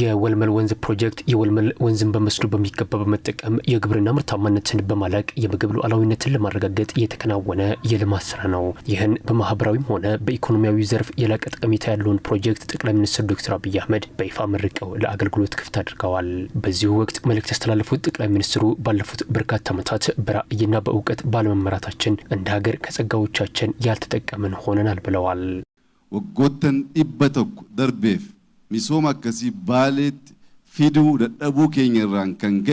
የወልመል ወንዝ ፕሮጀክት የወልመል ወንዝን በመስኖ በሚገባ በመጠቀም የግብርና ምርታማነትን በማላቅ የምግብ ሉዓላዊነትን ለማረጋገጥ የተከናወነ የልማት ስራ ነው። ይህን በማህበራዊም ሆነ በኢኮኖሚያዊ ዘርፍ የላቀ ጠቀሜታ ያለውን ፕሮጀክት ጠቅላይ ሚኒስትር ዶክተር አብይ አህመድ በይፋ መርቀው ለአገልግሎት ክፍት አድርገዋል። በዚሁ ወቅት መልእክት ያስተላለፉት ጠቅላይ ሚኒስትሩ ባለፉት በርካታ ዓመታት በራእይና በእውቀት ባለመመራታችን እንደ ሀገር ከጸጋዎቻችን ያልተጠቀምን ሆነናል ብለዋል። ወጎተን ኢበተኩ ደርቤፍ ሚሶም አከሲ ባሌት ፊዱ ደደቡ ኬኝ ራን ከንገ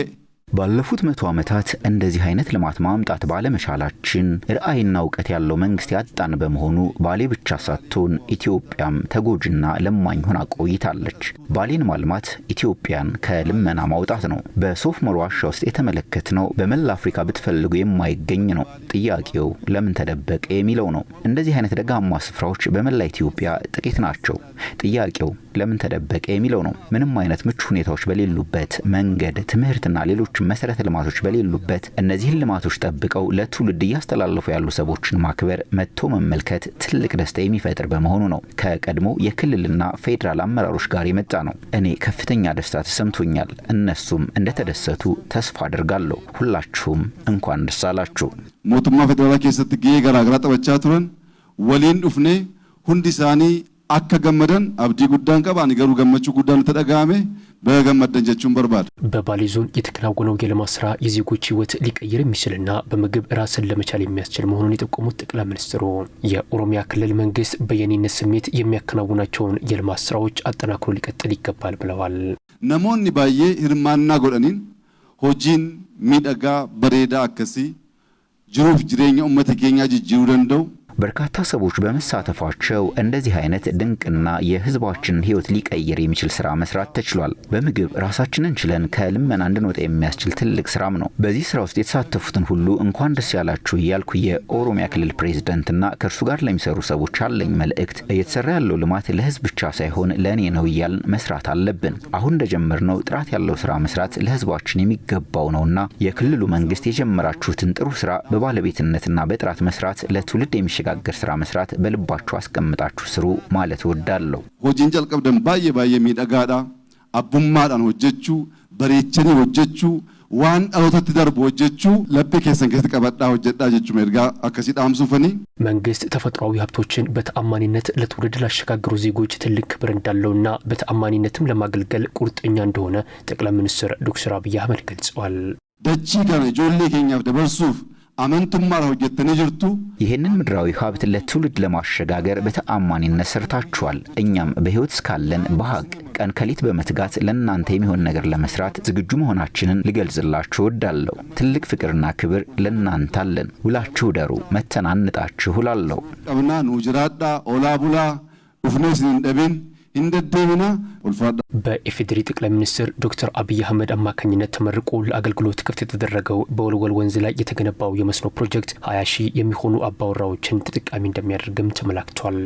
ባለፉት መቶ ዓመታት እንደዚህ አይነት ልማት ማምጣት ባለመቻላችን ርአይና እውቀት ያለው መንግስት ያጣን በመሆኑ ባሌ ብቻ ሳትሆን ኢትዮጵያም ተጎጂና ለማኝ ሆና ቆይታለች። ባሌን ማልማት ኢትዮጵያን ከልመና ማውጣት ነው። በሶፍ ኡመር ዋሻ ውስጥ የተመለከትነው በመላ አፍሪካ ብትፈልጉ የማይገኝ ነው። ጥያቄው ለምን ተደበቀ የሚለው ነው። እንደዚህ አይነት ደጋማ ስፍራዎች በመላ ኢትዮጵያ ጥቂት ናቸው። ጥያቄው ለምን ተደበቀ የሚለው ነው። ምንም አይነት ምቹ ሁኔታዎች በሌሉበት መንገድ፣ ትምህርትና ሌሎች መሰረተ ልማቶች በሌሉበት እነዚህን ልማቶች ጠብቀው ለትውልድ እያስተላለፉ ያሉ ሰዎችን ማክበር፣ መጥቶ መመልከት ትልቅ ደስታ የሚፈጥር በመሆኑ ነው። ከቀድሞ የክልልና ፌዴራል አመራሮች ጋር የመጣ ነው። እኔ ከፍተኛ ደስታ ተሰምቶኛል። እነሱም እንደተደሰቱ ተስፋ አድርጋለሁ። ሁላችሁም እንኳን ደስ አላችሁ። ሞቱማ ፌዴራላ ኬሰት ገ ገራግራ ጠበቻ ቱረን ወሊን ዱፍኔ ሁንዲ ሳኒ አከ ገመደን አብዲ ጉዳን ቀባን ገሩ ገመቹ ጉዳን ተጠቃሜ በገመደን ጀቹን በርባድ በባሌ ዞን የተከናወነው የልማት ስራ የዜጎች ህይወት ሊቀይር የሚችልና በምግብ ራስን ለመቻል የሚያስችል መሆኑን የጠቆሙት ጠቅላይ ሚኒስትሩ የኦሮሚያ ክልል መንግስት በየኔነት ስሜት የሚያከናውናቸውን የልማት ስራዎች አጠናክሮ ሊቀጥል ይገባል ብለዋል። ነሞኒ ባዬ ህርማና ጎደኒን ሆጂን ሚደጋ በሬዳ አከሲ ጅሩፍ ጅሬኛ ኡመት ገኛ ጅጅሩ ደንደው በርካታ ሰዎች በመሳተፋቸው እንደዚህ አይነት ድንቅና የህዝባችንን ህይወት ሊቀይር የሚችል ስራ መስራት ተችሏል። በምግብ ራሳችንን ችለን ከልመና እንድንወጣ የሚያስችል ትልቅ ስራም ነው። በዚህ ስራ ውስጥ የተሳተፉትን ሁሉ እንኳን ደስ ያላችሁ እያልኩ የኦሮሚያ ክልል ፕሬዝደንትና ከእርሱ ጋር ለሚሰሩ ሰዎች አለኝ መልእክት፣ እየተሰራ ያለው ልማት ለህዝብ ብቻ ሳይሆን ለእኔ ነው እያልን መስራት አለብን። አሁን እንደጀመርነው ጥራት ያለው ስራ መስራት ለህዝባችን የሚገባው ነውና የክልሉ መንግስት የጀመራችሁትን ጥሩ ስራ በባለቤትነትና በጥራት መስራት ለትውልድ የሚሸጋ የሚያሸጋግር ስራ መስራት በልባችሁ አስቀምጣችሁ ስሩ ማለት እወዳለሁ። ሆጂን ጨልቀብደን ባየ ባየ ሚደጋዳ አቡማዳን ሆጀቹ በሬቸኔ ሆጀቹ ዋን ዳሎተት ደርቦ ሆጀቹ ለብ ኬሰን ከስት ጀቹ ሜድጋ አከሲ ፈኒ መንግስት ተፈጥሯዊ ሀብቶችን በተአማኒነት ለትውልድ ላሸጋገሩ ዜጎች ትልቅ ክብር እንዳለውና በተአማኒነትም ለማገልገል ቁርጠኛ እንደሆነ ጠቅላይ ሚኒስትር ዶክተር አብይ አህመድ ገልጸዋል። ደቺ ከነ ጆሌ ኬኛፍ ደበርሱፍ አመንቱማ ሆጀተነ ጅርቱ ይህንን ምድራዊ ሀብት ለትውልድ ለማሸጋገር በተአማኒነት ሰርታችኋል። እኛም በህይወት እስካለን በሀቅ ቀን ከሊት በመትጋት ለእናንተ የሚሆን ነገር ለመስራት ዝግጁ መሆናችንን ልገልጽላችሁ እወዳለሁ። ትልቅ ፍቅርና ክብር ለእናንተ አለን። ውላችሁ ደሩ መተናንጣችሁ ሁላለሁ ቀብና ኑጅራዳ ኦላቡላ ቡላ ኡፍኔስ እንደደብና በኢፌዴሪ ጠቅላይ ሚኒስትር ዶክተር አብይ አህመድ አማካኝነት ተመርቆ ለአገልግሎት ክፍት የተደረገው በወልወል ወንዝ ላይ የተገነባው የመስኖ ፕሮጀክት ሀያ ሺህ የሚሆኑ አባወራዎችን ተጠቃሚ እንደሚያደርግም ተመላክቷል።